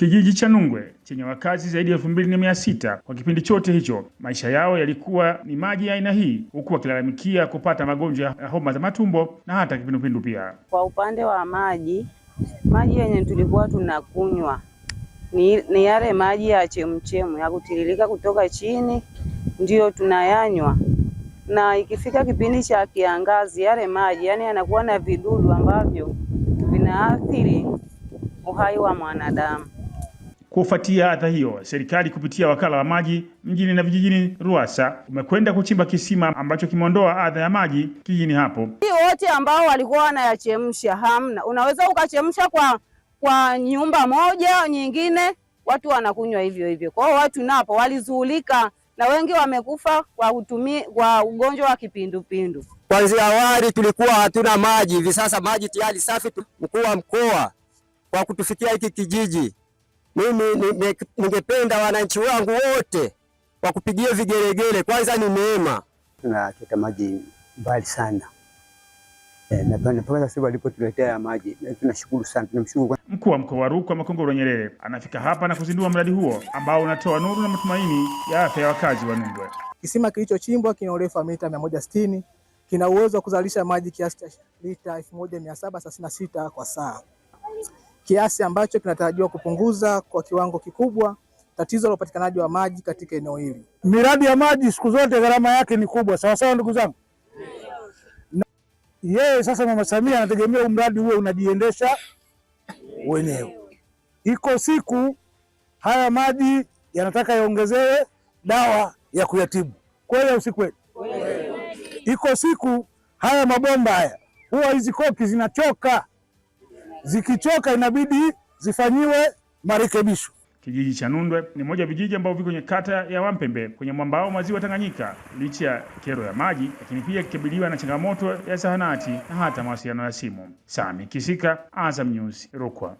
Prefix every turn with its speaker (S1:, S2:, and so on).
S1: Kijiji cha Nungwe chenye wakazi zaidi ya elfu mbili na mia sita kwa kipindi chote hicho maisha yao yalikuwa ni maji ya aina hii, huku wakilalamikia kupata magonjwa ya homa za matumbo na hata kipindupindu pia.
S2: Kwa upande wa maji, maji yenye tulikuwa tunakunywa ni, ni yale maji ya chemchemu ya kutiririka kutoka chini ndiyo tunayanywa, na ikifika kipindi cha kiangazi yale maji yani yanakuwa na vidudu ambavyo vinaathiri uhai wa mwanadamu.
S1: Kufuatia adha hiyo, serikali kupitia wakala wa maji mjini na vijijini RUWASA umekwenda kuchimba kisima ambacho kimeondoa adha ya maji kijijini hapo.
S3: Hii wote ambao walikuwa wanayachemsha hamna, unaweza ukachemsha kwa kwa nyumba moja nyingine, watu wanakunywa hivyo hivyo. Kwa hiyo watu napo walizuhulika na wengi wamekufa kwa utumi, kwa ugonjwa wa kipindupindu.
S4: Kwanzia awali tulikuwa hatuna maji, hivi sasa maji tayari safi. Mkuu wa mkoa kwa kutufikia hiki kijiji mimi ningependa wananchi wangu wote wakupigie vigelegele, kwanza ni neema.
S5: Tunachota maji mbali sana e, eh, sasa walipotuletea maji eh, tunashukuru sana, tunamshukuru.
S1: Mkuu wa mkoa wa Rukwa Makongoro Nyerere anafika hapa na kuzindua mradi huo ambao unatoa nuru na matumaini ya afya ya wakazi wa Nungwe.
S6: Kisima kilichochimbwa kina urefu wa mita 160 kina uwezo wa kuzalisha maji kiasi cha lita 1736 kwa saa kiasi ambacho kinatarajiwa kupunguza kwa kiwango kikubwa tatizo la upatikanaji wa maji katika eneo hili.
S7: Miradi ya maji siku zote gharama yake ni kubwa, sawa sawa, ndugu zangu. Yeye sasa Mama Samia anategemea mradi huo unajiendesha wenyewe. Iko siku haya maji yanataka yaongezewe dawa ya kuyatibu, kweli au si kweli? Iko siku haya mabomba haya huwa hizi koki zinachoka zikichoka inabidi zifanyiwe marekebisho.
S1: Kijiji cha Nundwe ni moja vijiji ambavyo viko kwenye kata ya Wampembe kwenye mwambao wa maziwa Tanganyika, licha ya kero ya maji, lakini pia kikabiliwa na changamoto ya zahanati na hata mawasiliano ya simu. Sami Kisika, Azam News, Rukwa.